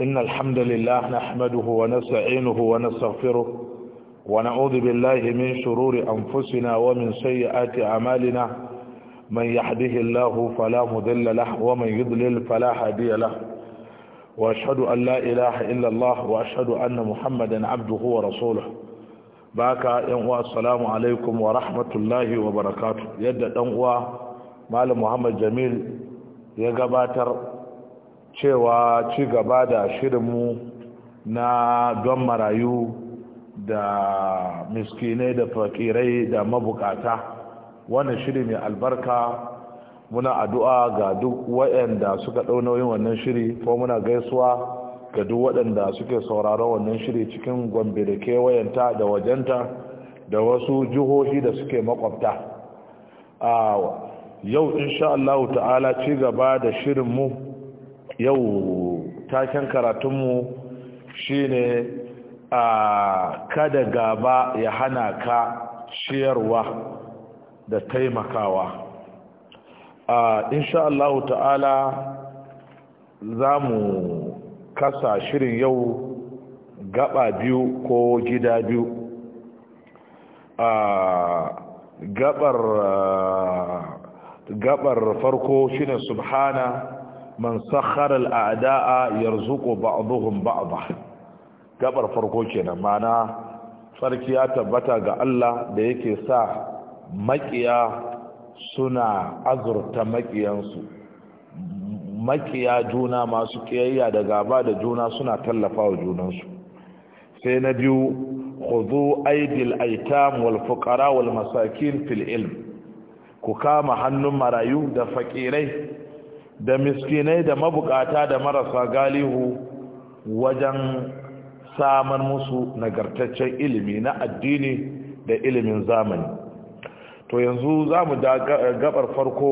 إن الحمد لله نحمده ونستعينه ونستغفره ونعوذ بالله من شرور أنفسنا ومن سيئات أعمالنا من يحده الله فلا مذل له ومن يضلل فلا هادي له وأشهد أن لا إله إلا الله وأشهد أن محمدا عبده ورسوله باكا yan السلام عليكم ورحمة الله وبركاته wa barakatuh مال محمد جميل malam Muhammad cewa ci gaba da shirinmu na don marayu da miskinai da fakirai da mabukata wannan shiri mai albarka muna addu'a ga duk waɗanda suka ɗaunoyin wannan shiri ko muna gaisuwa ga duk waɗanda suke sauraron wannan shiri cikin gombe da kewayenta da wajenta da wasu jihohi da suke makwabta yau insha Allah ta'ala ci gaba da shirinmu yau taken karatunmu shine a kada gaba ya hana ka ciyarwa da taimakawa a insha Allah ta'ala za mu kasa shirin yau gaba biyu ko gida biyu a gabar gabar farko shine subhana man sakhara al'ada'a yarzuqu ba'dhum ba'dha gabar farko kenan mana sarki ya tabbata ga Allah da yake sa makiya suna azurta makiyansu makiya juna masu kiyayya da gaba da juna suna tallafawa junansu sai na biyu khudhu aidil aitam wal fuqara wal masakin fil ilm ku kama hannun marayu da fakirai da miskinai da mabukata da marasa galihu wajen samar musu nagartaccen ilimi na addini da ilimin zamani to yanzu za mu da gabar farko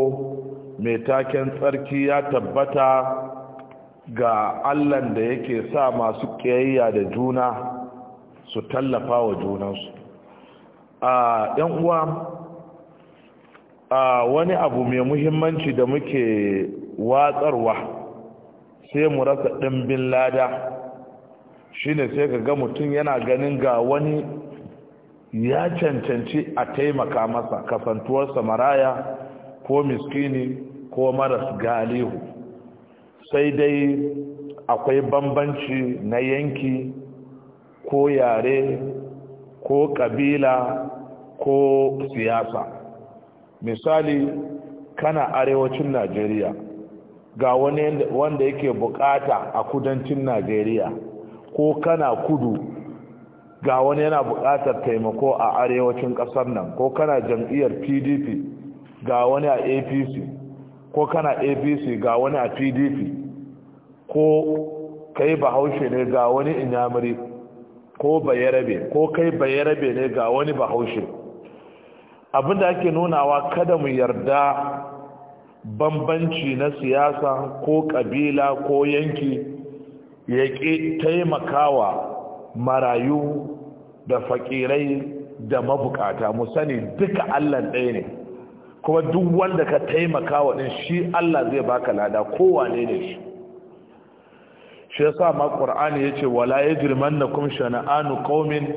mai taken tsarki ya tabbata ga allan da yake sa masu ƙiyayya da juna su tallafa wa junansu a uwa wani abu mai muhimmanci da muke watsarwa sai mu rasa ɗimbin lada shine sai ka ga mutum yana ganin ga wani ya cancanci a taimaka masa kasantuwarsa maraya ko miskini ko maras galihu sai dai akwai bambanci na yanki ko yare ko ƙabila ko siyasa misali kana arewacin najeriya ga wani wanda yake bukata a kudancin najeriya ko kana kudu ga wani yana bukatar taimako a arewacin kasar nan ko kana jam'iyyar pdp ga wani a apc ko kana apc ga wani a pdp ko kai bahaushe ne ga wani inyamuri ko bayarabe ko kai bayarabe ne ga wani bahaushe abinda ake nunawa kada mu yarda bambanci na siyasa ko kabila ko yanki ya ƙi taimakawa marayu da fakirai da mabukata mu sani duka allah ɗaya ne kuma duk wanda ka taimakawa ɗin shi allah zai baka lada kowane ne shi shi yasa ma ya ce wala ya yajrimannakum shana'anu komin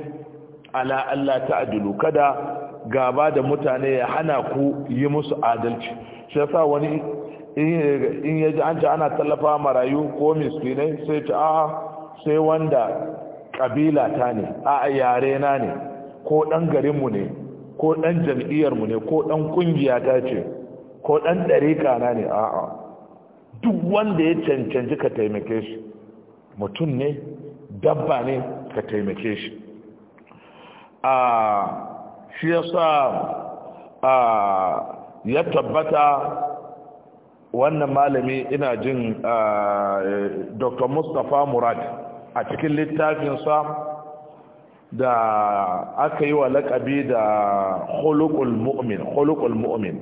ala ta adilu kada gaba da mutane ya hana ku yi musu adalci shi sa wani in yaji an ce ana tallafa marayu ko miskinai sai ta a sai wanda kabila ta ne a yare na ne ko dan garinmu ne ko dan jam'iyyarmu ne ko dan kungiya ta ce ko dan dariƙa na ne a'a duk wanda ya cancanci ka taimake shi mutum ne dabba ne ka taimake shi ah, shi sa ya tabbata wannan malami ina jin dr mustapha murad a cikin littafinsa da aka yi wa lakabi da hulukul mu'min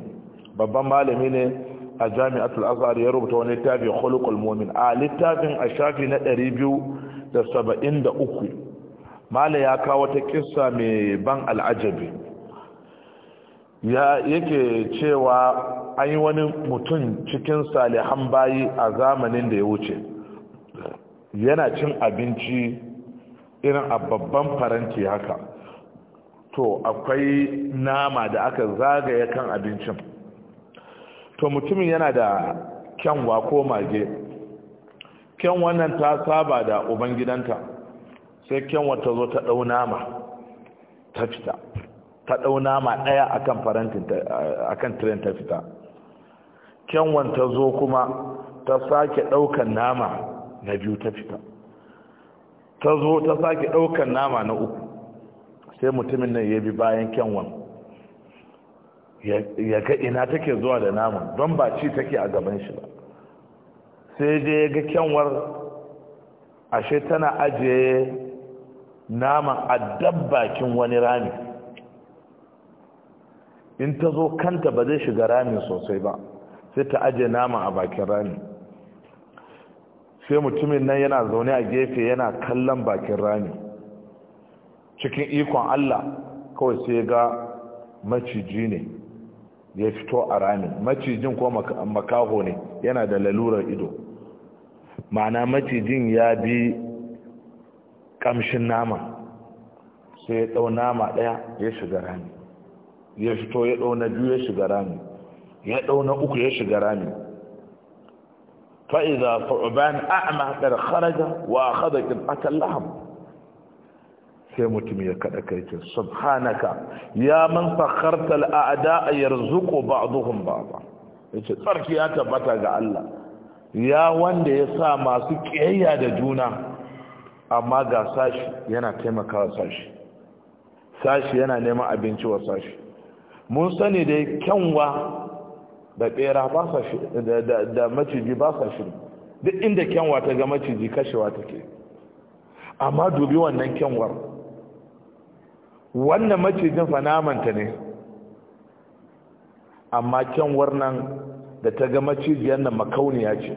babban malami ne a jami'atul azhar ya rubuta wani littafi hulukul mu'min a littafin a shafi na 273 Malam ya kawo ta kissa mai ban al'ajabi ya yake cewa an yi wani mutum cikin salihan bayi a zamanin da ya wuce yana cin abinci irin a babban faranti haka to akwai nama da aka zagaya kan abincin to mutumin yana da kyanwa ko mage kyan wannan ta saba da ubangidanta sai kyanwa ta zo ta ɗau nama ta fita faɗau ɗau nama ɗaya akan farantin akan tiren ta fita kyanwan ta zo kuma ta sake ɗaukan nama na biyu ta fita ta zo ta sake ɗaukan nama na uku sai mutumin nan ya bi bayan kyanwan ya ga ina take zuwa da naman don ba ci take a gaban shi ba sai dai ya ga kyanwar ashe tana ajiye naman a dabbakin wani rami in ta zo kanta ba zai shiga rami sosai ba sai ta ajiye nama a bakin rami sai mutumin nan yana zaune a gefe yana kallon bakin rami cikin ikon Allah kawai sai ga maciji ne ya fito a rami macijin ko makaho ne yana da lalurar ido ma'ana macijin ya bi kamshin nama sai ya ɗau nama ɗaya ya shiga rami ya fito ya ɗau na biyu ya shiga rami ya ɗau na uku ya shiga rami fa'iza fa'uban a'ama ɗar kharaja wa haɗa ƙirɓatar laham sai mutum ya kaɗa kai ce subhanaka ya man fakhartal a'da a yarzuqu ba'dhum ba'dha yace tsarki ya tabbata ga Allah ya wanda ya sa masu kiyayya da juna amma ga sashi yana taimakawa sashi sashi yana neman abinci wa sashi mun sani da kyanwa da bera ba sa shi da maciji ba sa shi duk inda kyanwa ta ga maciji kashewa take amma dubi wannan kyanwar wannan macijin fanamanta ne amma kyanwar nan da ta ga macijiyar nan makauniya ce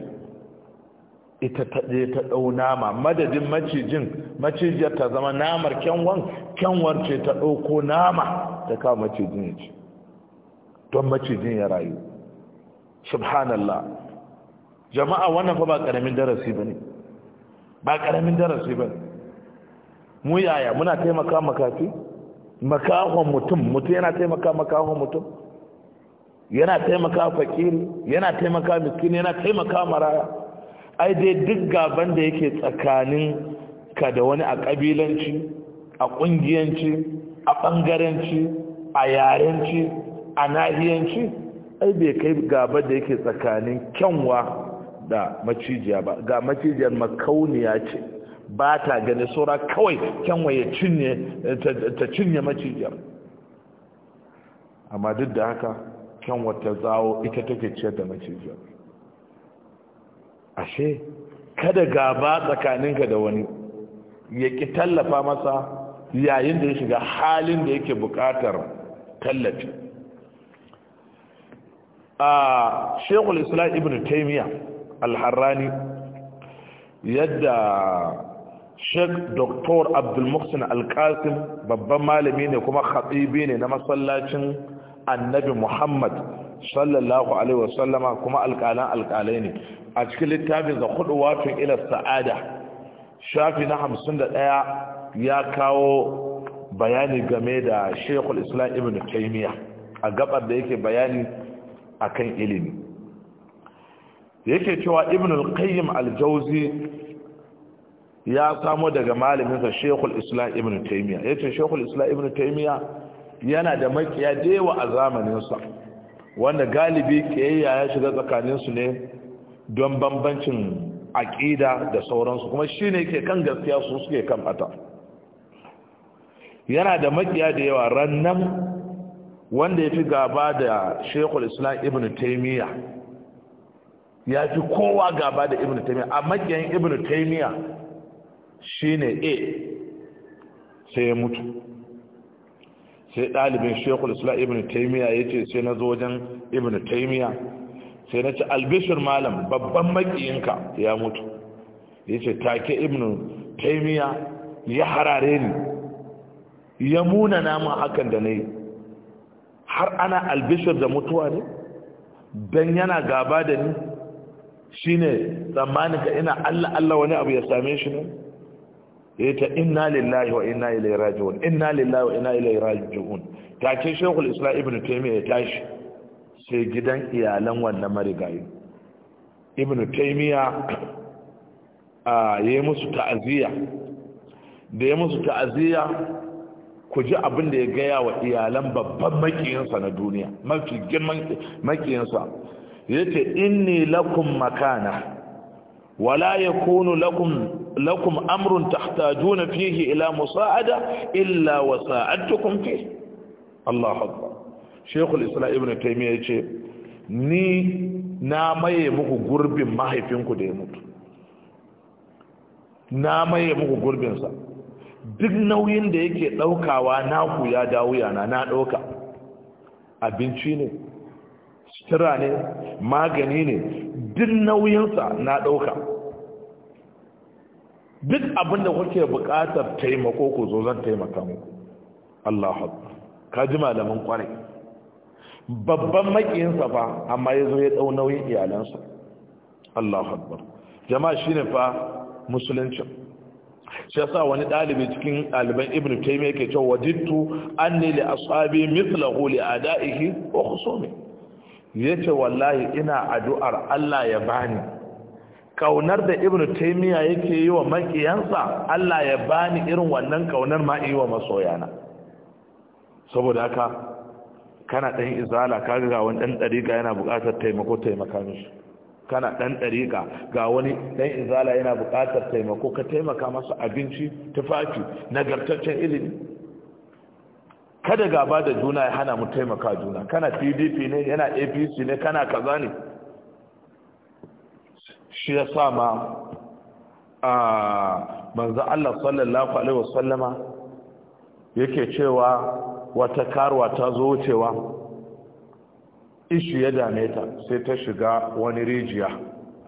ita ta je ta ɗau nama madadin macijin macijiyar ta zama namar kyanwar kyanwar ce ta ɗauko nama ta kawo macijin ya ce don macijin ya rayu subhanallah jama'a wannan fa ba karamin darasi bane ba karamin darasi bane mu yaya muna taimaka makafi makahon mutum mutum yana taimaka makahon mutum yana taimaka fakiri yana taimaka miskini yana taimaka maraya ai dai duk gaban da yake tsakanin ka da wani a kabilanci a kungiyanci a bangaranci a yarenci a nahiyanci ai bai kai gaba da yake tsakanin kyanwa da macijiya ba ga macijiyar makauniya ce ba ta gani saura kawai kyanwa ya cinye ta cinye macijiyar amma duk da haka kyanwa ta zawo ita take ciyar da macijiyar ashe kada gaba tsakaninka da wani ya ki tallafa masa yayin da ya shiga halin da yake buƙatar tallafi a shekul islam ibn taimiyya alharrani yadda sheik doktor abdulmuhsin alkasim babban malami ne kuma hatsibi ne na masallacin annabi muhammad sallallahu alaihi wasallama kuma alkalan alkalai ne a cikin littafin da hudu watan ila sa'ada shafi na hamsin da ɗaya ya kawo bayani game da shekul islam ibn taimiyya a gabar da yake bayani akan ilimi yake cewa ibn al-qayyim al-jawzi ya samo daga malaminsa shekul islam ibn taimiyya ya ce shekul islam ibn taimiyya yana da makiya dewa a zamaninsa wanda galibi kiyayya ya shiga tsakaninsu ne don bambancin aƙida da sauransu kuma shi ne ke kan gaskiya su suke kan fata yana da makiya da yawa rannan wanda ya fi gaba da shekul islam ibn taimiyya ya fi kowa gaba da ibn taimiyya a makiyayin ibn taimiyya shi ne a sai ya mutu sai ɗalibin shekul islam ibn taimiyya ya ce sai na zo wajen ibn taimiyya sai na ci albishir malam babban makiyinka ya mutu ya ce take ibn taimiyya ya harare ni ya muna namun hakan da na yi har ana albishir da mutuwa ne don yana gaba da ni shi ne tsammanin ka ina Allah Allah wani abu ya same shi ne ya eh ta inna lillahi wa inna ilai raji'un inna lillahi wa inna ilai raji'un ta ce shekul islam ibn taimiyya ya tashi sai gidan iyalan wannan marigayi ibn taimiyya a ah, yi musu ta'aziyya da ya musu ta'aziyya ku ji abin da ya gaya wa iyalan babban makiyinsa na duniya mafi girman makiyinsa ya ce inni lakum makana wala ya kunu lakum amrun tahtajuna fihi ila musa'ada illa wa sa'adtukum fi Allah akbar Sheikhul Islam Ibn Taymiyyah ya ce ni na maye muku gurbin mahaifinku da ya mutu na maye muku gurbinsa duk nauyin da yake ɗaukawa ku ya dawo yana na ɗauka abinci ne sutura ne magani ne duk nauyinsa na ɗauka duk abin da kuke buƙatar taimako ku zo zan taimaka muku Allah haɗu ka ji malamin kwarai. babban maƙiyinsa fa amma ya zo ya ɗau nauyin iyalansa Allah haɗu jama'a shi ne fa musulunci shi yasa wani dalibi cikin ɗaliban ibn taymiya yake cewa wajittu anni li ashabi mithlahu li adaihi wa khusumi yace wallahi ina addu'ar Allah ya bani kaunar da ibn taymiya yake yi wa makiyansa Allah ya bani irin wannan kaunar ma yi wa masoyana saboda haka kana dan izala kaga ga wani dan dariga yana buƙatar taimako taimaka mishi kana ɗan ɗariƙa ga wani ɗan izala yana buƙatar taimako ka taimaka masa abinci tufafi nagartaccen ilimi kada gaba da juna ya hana mu taimaka juna kana pdp ne yana apc ne kana kaza ne shi ya sa ma a manzo Allah sallallahu alaihi wasallama yake cewa wata karuwa ta zo wucewa ishu ya dame ta sai ta shiga wani rijiya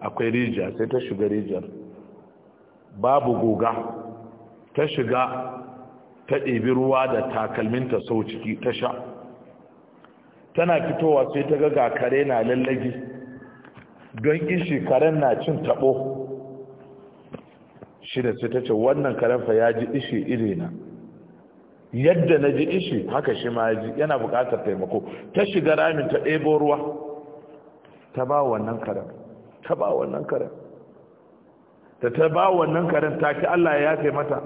akwai rijiya sai ta shiga rijiyar babu guga ta shiga ta ɗebi ruwa da takalminta sau ciki ta sha tana fitowa sai ta ga kare na lallagi don ishi karen na cin taɓo shi da sai ta ce wannan karen fa ya ji ishe irina yadda na ji ishi haka shi ma ji yana buƙatar taimako ta shiga ramin ta ɗebo ruwa ta ba wannan karen ta ba wannan karen ta ta ba wannan karen ta ki Allah ya yafe mata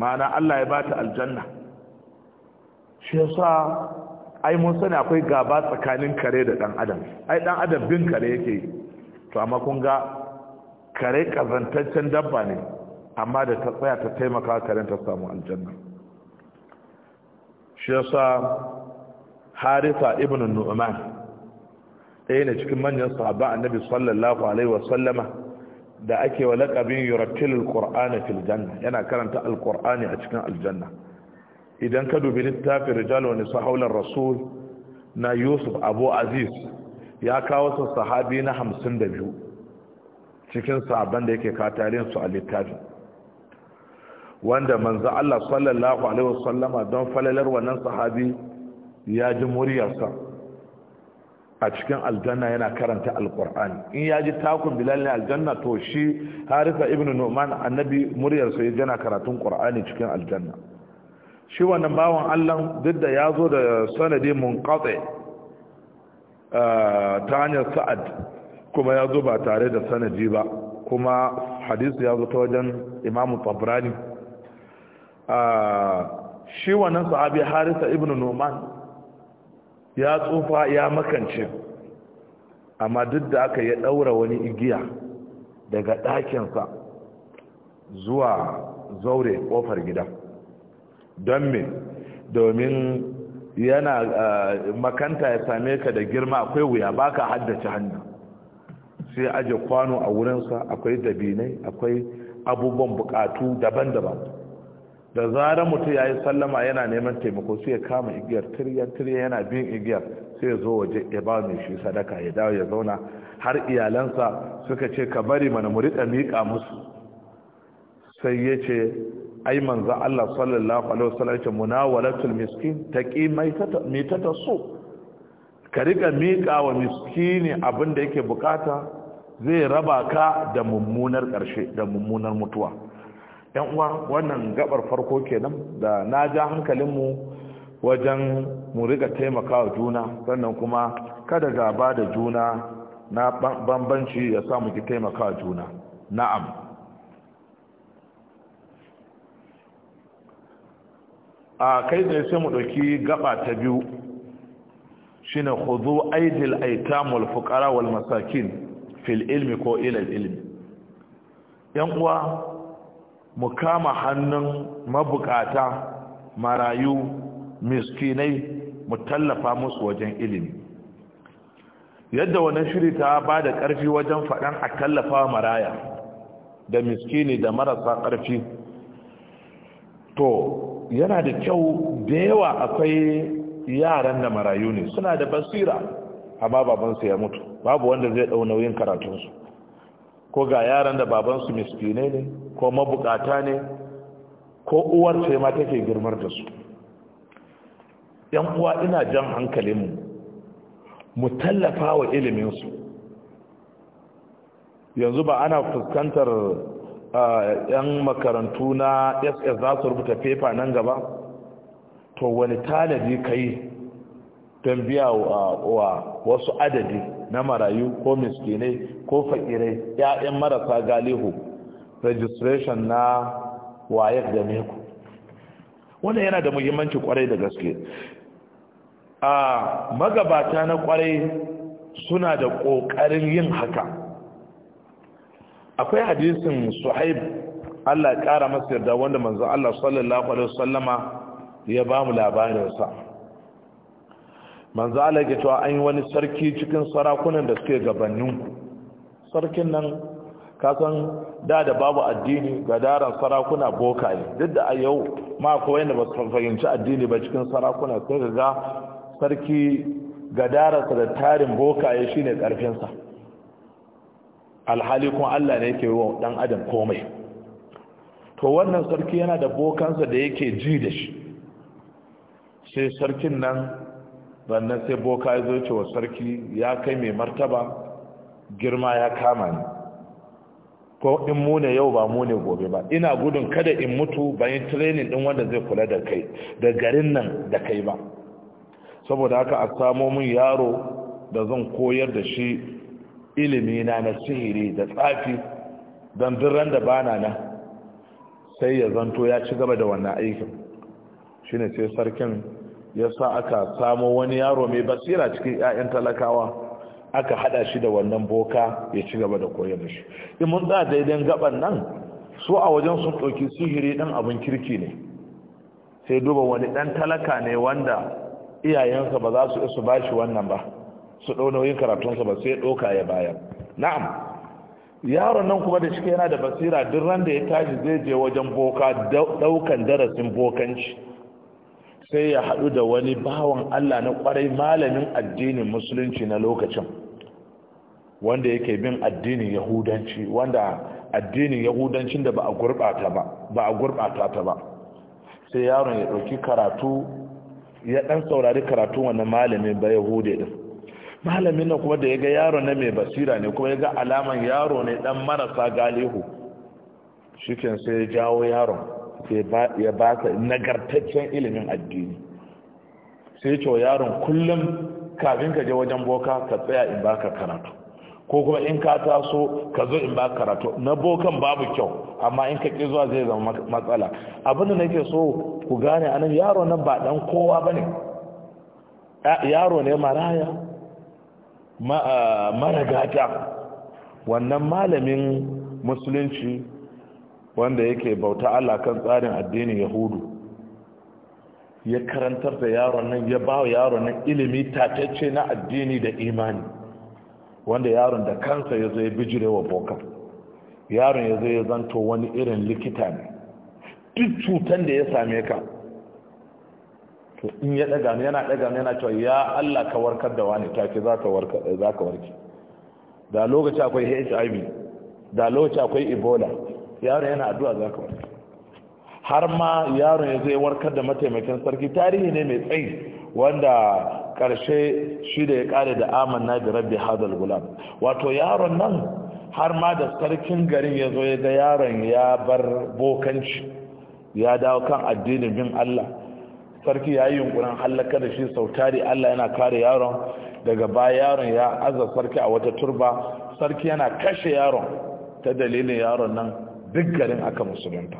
ma'ana Allah ya ba ta aljanna shi yasa ai mun sani akwai gaba tsakanin kare da ɗan adam ai ɗan adam bin kare yake yi to amma kun ga kare ƙazantaccen dabba ne amma da ta tsaya ta taimaka karen ta samu aljanna shi yasa harisa ibn nu'man ɗaya ne cikin manyan sahaba annabi sallallahu alaihi wasallama da ake wa lakabin yurattilul qur'ana fil janna yana karanta alqur'ani a cikin aljanna idan ka dubi littafin rijal ne nisa rasul na yusuf abu aziz ya kawo su sahabi na hamsin da biyu cikin sahabban da yake katarin su a littafin wanda manzo Allah sallallahu alaihi wasallama don falalar wannan sahabi ya ji muryarsa a cikin aljanna yana karanta alqur'ani in ya ji takun bilal ne aljanna to shi harifa ibnu nu'man annabi muryarsa ya jana karatun qur'ani cikin aljanna shi wannan bawan Allah duk da ya zo da sanadi munqati ta hanyar sa'ad kuma ya zo ba tare da sanadi ba kuma hadisi ya zo ta wajen imamu tabrani Ah, shi wannan sahabi harisa ibn numan ya tsufa ya makance amma duk da aka ya ɗaura wani igiya daga ɗakinsa zuwa zaure ƙofar gida don me domin yana ah, makanta ya same ka da girma akwai wuya ba ka haddace hannu sai aje kwano a wurinsa akwai dabinai akwai abubuwan bukatu daban-daban da zarar mutum ya yi sallama yana neman taimako sai ya kama igiyar tiryan yana bin igiyar sai ya zo waje ya ba mai shi sadaka ya dawo ya zauna har iyalansa suka ce ka bari mana mu riƙa miƙa musu sai ya ce ai manzo Allah sallallahu alaihi wasallam ya ce munawalatul miskin mai ta su ka riƙa miƙa wa miskini abin da yake bukata zai raba ka da mummunar ƙarshe da mummunar mutuwa yan uwa wannan gabar farko kenan da na ja hankalinmu wajen mu riga taimakawa juna sannan kuma kada gaba da juna na bambanci ya sa mu ki taimakawa juna na'am a kai da sai mu ɗauki gaba ta biyu shine khudhu aidil aitam wal fuqara wal masakin fil ilmi ko ila ilmi yan uwa mu kama hannun mabukata marayu miskinai mu tallafa musu wajen ilimi yadda wannan shiri ta ba da ƙarfi wajen faɗan a tallafa maraya da miskini da marasa ƙarfi to yana da kyau da yawa akwai yaran da marayu ne suna da basira amma babansu ya mutu babu wanda zai ɗau nauyin karatunsu ko ga yaran da babansu miskinai ne ko mabukata ne ko uwar ce ma take girmar da su yan uwa ina jan hankalinmu mu tallafa wa iliminsu yanzu ba ana fuskantar yan makarantu na ss za su rubuta fefa nan gaba to wani tanadi ka yi don biya wa wasu adadi na marayu ko miskinai ko fakirai 'ya'yan marasa galihu registration na wayar da meku wannan yana da muhimmanci kwarai da gaske a magabata na kwarai suna da ƙoƙarin yin haka akwai hadisin suhaib Allah ya ƙara masa yarda wanda manzo Allah sallallahu alaihi wasallama ya ba mu labarinsa manzo Allah ya cewa an yi wani sarki cikin sarakunan da suke gabaninku sarkin nan kasan da da babu addini ga daren sarakuna boka ne duk da a yau ma kawai da ba su fahimci addini ba cikin sarakuna sai ga sarki gadararsa da tarin bokaye shine karfinsa alhali kuma Allah ne yake wa dan adam komai to wannan sarki yana da bokansa da yake ji da shi sai sarkin nan wannan sai boka ya zo wa sarki ya kai mai martaba girma ya kama ni ko in mu ne yau ba mu ne gobe ba ina gudun kada in mutu bayan tirenin din wanda zai kula da kai da garin nan da kai ba saboda haka a samo mun yaro da zan koyar da shi ilimi na na sihiri da tsafi don birran da bana na sai ya zanto ya ci gaba da wannan aikin shine sai sarkin ya sa aka samo wani yaro mai basira cikin 'ya'yan talakawa aka hada shi da wannan boka ya ci gaba da koyar da shi in mun tsaya daidai gaban nan su a wajen sun ɗauki sihiri ɗan abin kirki ne sai duba wani ɗan talaka ne wanda iyayensa ba za su isu ba shi wannan ba su ɗau nauyin karatunsa ba sai ɗauka ya bayar na'am yaron nan kuma da shi yana da basira duk ran da ya tashi zai je wajen boka ɗaukan darasin bokanci sai ya haɗu da wani bawan Allah na ƙwarai malamin addinin musulunci na lokacin wanda yake bin addinin yahudanci wanda addinin yahudancin da ba a gurɓata ba ba a ta ba sai yaron ya ɗauki karatu ya ɗan saurari karatu wannan malamin ba yahude ɗin malamin na kuma da ya ga yaro na mai basira ne kuma ya ga alaman yaro ne ɗan marasa galihu shikin sai ya jawo yaron sai ya ba sa nagartaccen ilimin addini sai ce yaron kullum kafin ka je wajen boka ka tsaya in baka karatu ko kuma in ka taso ka zo in ka karatu na bokan babu kyau amma in ka ƙi zuwa zai zama matsala abinda ke so ku gane anan yaro nan ba dan kowa ba ne yaro ne maraya ah, mara gata wannan malamin musulunci wanda yake bauta Allah kan tsarin addinin yahudu ya karantar da yaron nan ya ba yaron nan ilimi tatacce na addini da imani wanda yaron da kansa ya zo ya bijire wa bokan yaron ya zo ya zanto wani irin likita ne duk cutan da ya same ka to in ya daga ne yana daga ne yana cewa ya Allah ka warkar da wani take za ka warke da lokaci akwai HIV da lokaci akwai Ebola yaron yana addu'a za ka wani har ma yaron ya zai warkar da mataimakin sarki tarihi ne mai tsayi wanda ƙarshe shi da ya ƙare da amanna da rabbi hadal gulam wato yaron nan har ma da sarkin garin ya zo ya ga yaron ya bar bokanci ya dawo kan addinin bin Allah sarki ya yi yunkurin hallaka da shi sau tari Allah yana kare yaron daga baya yaron ya aza sarki a wata turba sarki yana kashe yaron ta dalilin yaron nan duk garin aka musulunta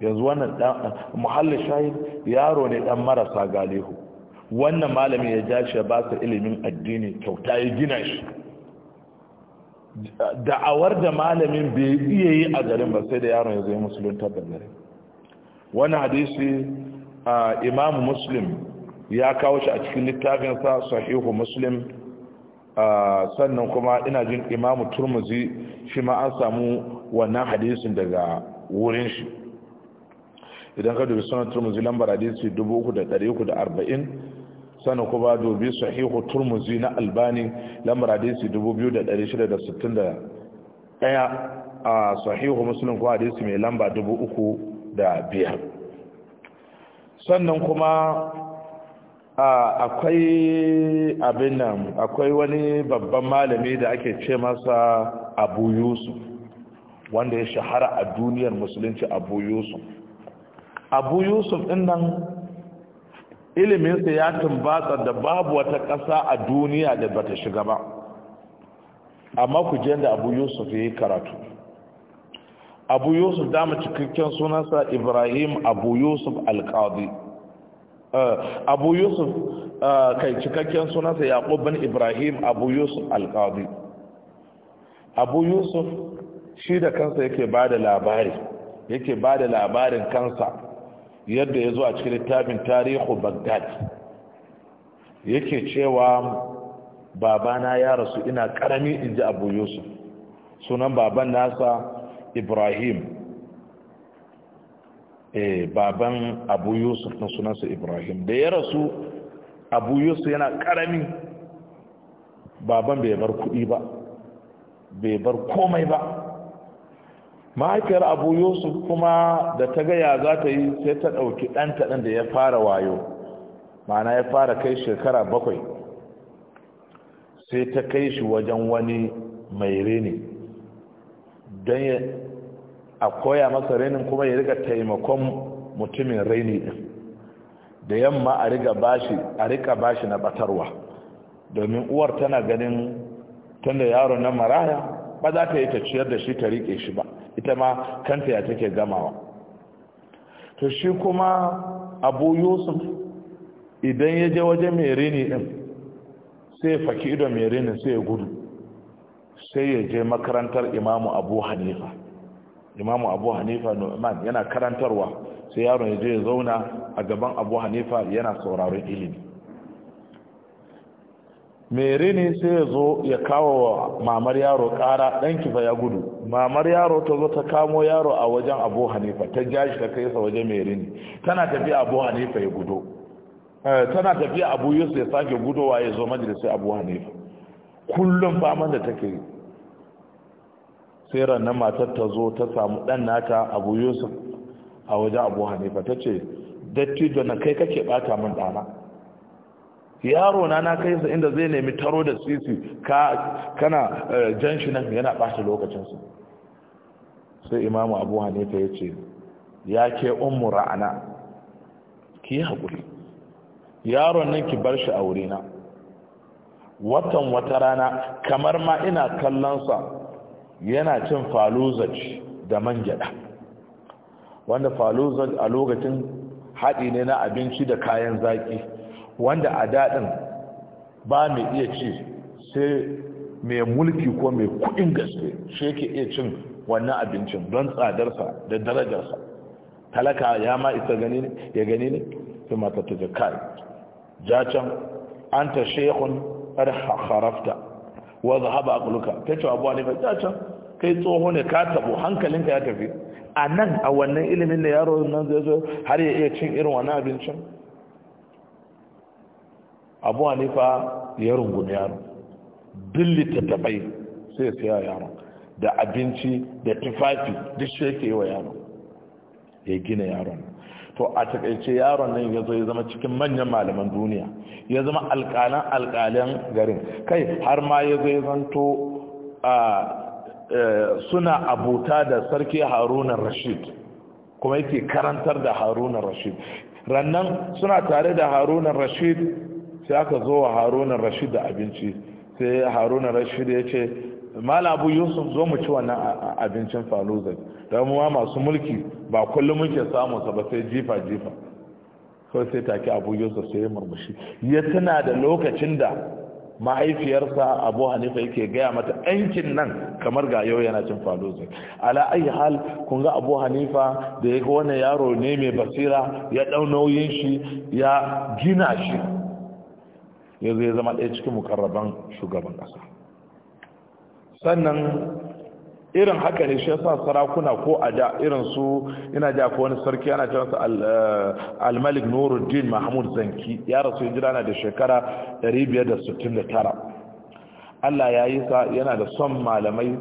yanzu wannan muhallin shahid yaro ne dan marasa galihu wannan malami ya ja shi ba su ilimin addini kyauta ya gina shi da'awar da malamin bai iya yi a garin ba sai da yaron ya zai musulunta da gari wani hadisi imam muslim ya kawo shi a cikin littafinsa sahihu muslim sannan kuma ina jin imamu turmuzi shi ma an samu wannan hadisin daga wurin shi idan ka dubi sanar turmuzi lambar hadisi 3,340 sannan kuma dubi sahihu turmuzi na albani lambar hadisi 2,661 a sahihu musulun kuma hadisi mai lamba 3,500 sannan kuma akwai abin nan akwai wani babban malami da ake ce masa abu yusuf wanda ya shahara a duniyar musulunci abu yusuf abu yusuf ɗin nan iliminsa ya tumbatsa da babu wata ƙasa a duniya da bata shiga ba amma ku je da abu yusuf ya yi karatu abu yusuf dama cikakken sunansa ibrahim abu yusuf alƙadi eh, abu yusuf eh, kai cikakken sunansa yaƙub bin ibrahim abu yusuf alƙadi abu yusuf shi da kansa yake ba da labari yake ba da labarin kansa yadda ya zo a cikin littafin tarihu bagdad yake cewa babana ya rasu ina karami in ji abu yusuf sunan baban nasa ibrahim eh baban abu yusuf na sunansa ibrahim da ya rasu abu yusuf yana karami baban bai bar kuɗi ba bai bar komai ba mahaifiyar abu yusuf kuma da ta gaya za ta yi sai ta ɗauki ɗanta ɗan da ya fara wayo ma'ana ya fara kai shekara bakwai sai ta kai shi wajen wani mai reni don a koya masa renin kuma ya riga taimakon mutumin reni ɗin da yamma a riga bashi a riga bashi na batarwa domin uwar tana ganin tunda yaro na maraya ba za ta yi ta ciyar da shi ta riƙe shi ba ita ma kanta ya take gamawa to shi kuma abu yusuf idan ya je waje mai rini din sai faki ido mai rini sai ya gudu sai ya je makarantar imamu abu hanifa imamu abu hanifa nu'man yana karantarwa sai yaron ya je ya zauna a gaban abu hanifa yana sauraron ilimi mai rini sai ya zo ya kawo wa mamar yaro ƙara ɗanki fa ya gudu mamar yaro ta zo ta kamo yaro a wajen abu hanifa ta ja shi ta kai sa waje mai rini tana tafiya abu hanifa ya gudo eh, tana tafiya abu yusuf ya sake gudowa ya zo majalisar abu hanifa kullum faman da take yi sai ranar matar ta zo ta samu ɗan nata abu yusuf a wajen abu hanifa ta ce dattijo na kai kake ɓata min ɗana yaro na na kai sa inda zai nemi taro da sisi ka kana eh, jan shi nan yana lokacin lokacinsu sai imamu abu hanifa ya ce ya ke ummu ra'ana ki yi haƙuri yaron nan ki bar shi a wurina watan wata rana kamar ma ina sa yana cin faluzaj da man gyada wanda faluzaj a lokacin haɗi ne na abinci da kayan zaki. wanda a daɗin ba mai iya ci sai mai mulki ko mai kuɗin gaske shi yake iya cin wannan abincin don tsadarsa da darajarsa talaka ya ma isa gani ne ya gani ne su mata ta jakar jacen an ta shekun har harafta haɓa a akuluka ta ce abuwa ne jacen kai tsoho ne ka tabo hankalinka ya tafi a nan a wannan ilimin da yaro nan zai zo har ya iya cin irin wannan abincin abu nifa ya rungumi yaro duk littattafai sai siya yaron da abinci da tufafi duk shi yake yi wa yaron ya gina yaron to a takaice yaron nan ya zo ya zama cikin manyan malaman duniya ya zama alƙalan alƙalan garin kai har ma ya zo ya zanto e, suna abota da sarki haruna rashid kuma yake karantar da haruna rashid rannan suna tare da haruna rashid sai aka zo wa haruna rashid da abinci sai haruna rashid ya ce mala abu yusuf zo mu ci wannan abincin faluza da mu masu mulki ba kullum muke samun sa ba sai jifa jifa ko sai take abu yusuf sai ya murmushi ya tana da lokacin da mahaifiyarsa abu hanifa yake gaya mata ɗankin nan kamar ga yau yana cin faluza ala ayi hal kun ga abu hanifa da ya ga wani yaro ne mai basira ya ɗau nauyin shi ya gina shi ya zai zama ɗaya cikin mukarraban shugaban ƙasa sannan irin haka ne shi yasa sarakuna ko a da irin su ina ji ko wani sarki ana cewa eh, al-malik nuruddin mahmud zanki ya rasu jira na da shekara 569 Allah ya yi sa yana da son malamai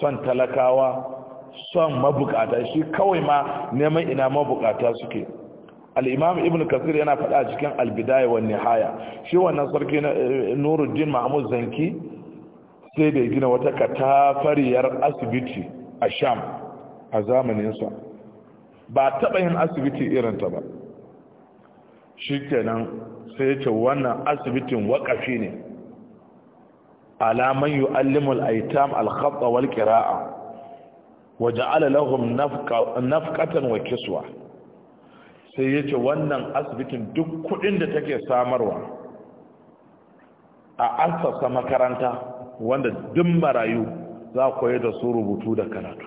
son talakawa son mabukata shi kawai ma neman ina mabukata suke al'imam ibn kasir yana faɗa cikin albidaya wa nihaya shi wannan sarki eh, nuruddin mahmud zanki sai da gina wata katafariyar asibiti a sham a zamaninsa ba taɓa yin asibiti irinta ba shi kenan sai ce wannan asibitin waƙafi ne alaman yi allimul aitam alkhatsawar kira'a waje alalahun nafkatan wa kiswa sai ya ce wannan asibitin duk kudin da take samarwa a asasa makaranta wanda duk marayu za koya da su rubutu da karatu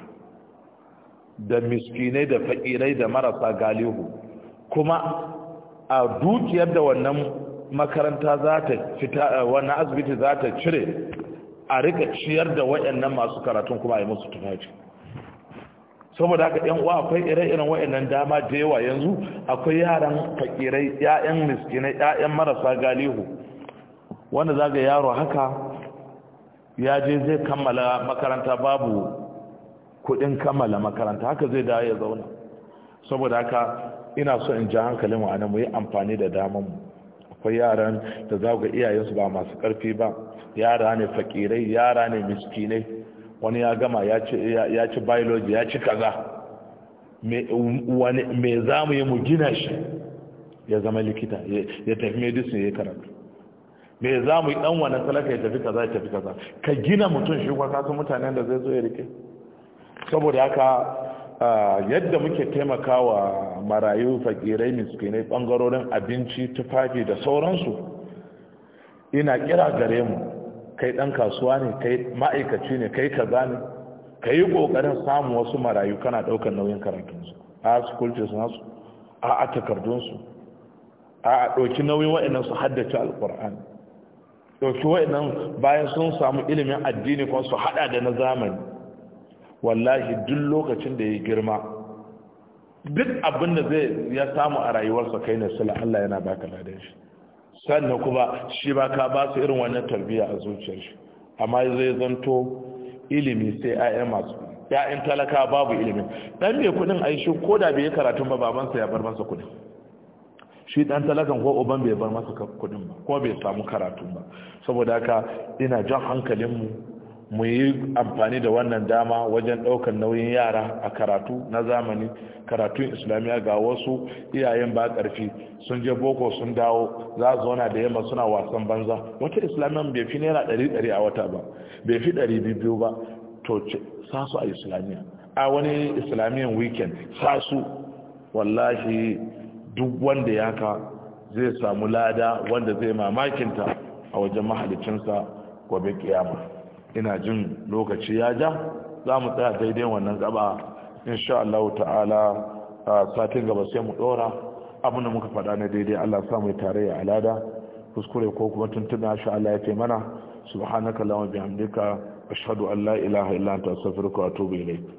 da miskinai da fa'irai da marasa galihu kuma a dukiyar da wannan makaranta za ta fita wannan asibiti za ta cire a rika ciyar da waɗannan masu karatun kuma a yi musu tufafi saboda haka yan uwa akwai ire-iren wayannan dama da yawa yanzu akwai yaran fakirai ƴaƴan miskinai ƴaƴan marasa galihu wanda zaga yaro haka ya je zai kammala makaranta babu kuɗin kammala makaranta haka zai dawo ya zauna saboda haka ina so in ji hankalin mu anan mu yi amfani da daman mu akwai yaran da zaga iyayensu ba masu ƙarfi ba yara ne fakirai yara ne miskinai wani ya gama ya ci biology ya ci kaza me za mu yi mu gina shi ya zama likita ya tafi medicine ya karatu me za mu yi dan wani talaka ya tafi kaza ya tafi kaza ka gina mutum shi kwa kasu mutanen da zai zo ya rike saboda haka yadda muke taimakawa marayu fakirai miskinai bangarorin abinci tufafi da sauransu ina kira gare mu kai ɗan kasuwa ne kai ma'aikaci ne kai kaza ne ka yi kokarin samun wasu marayu kana daukar nauyin karatunsu a su su nasu a a takardunsu a a ɗauki nauyin wa'annan su haddace alkur'ani ɗauki wa'annan bayan sun samu ilimin addini kuma su hada da na zamani wallahi duk lokacin da ya girma duk abin da zai ya samu a rayuwarsa kai ne sula Allah yana baka ladan shi sannan kuma shi ba ka ba su irin wannan tarbiyya a zuciyar shi amma zai zanto ilimi sai ayyar masu ya'yan talaka babu ilimi dan mai kudin yi shi ko da bai karatun ba babansa ya bar masa kudin shi dan talakan ko uban bai bar masa kudin ba ko bai samu karatun ba saboda haka ina jan hankalinmu mu yi amfani da wannan dama wajen ɗaukar nauyin yara a karatu na zamani karatun islamiyya ga wasu iyayen ba ƙarfi sun je boko sun dawo za a zauna da yamma suna wasan banza wata islamiyya bai fi naira ɗari ɗari a wata ba bai fi ɗari biyu ba to sa su a islamiyya a wani islamiyyan weekend sa su wallahi duk wanda ya ka zai samu lada wanda zai mamakinta a wajen mahalicinsa gobe kiyama ina jin lokaci ya ja za mu tsaya daidai wannan gaba insha Allah ta'ala satin gaba sai mu dora abinda muka faɗa na daidai Allah sa mu tare ya alada kuskure ko kuma tuntuna sha Allah ya ce mana subhanaka allahumma bihamdika ashhadu an la ilaha illa anta astaghfiruka wa atubu ilayk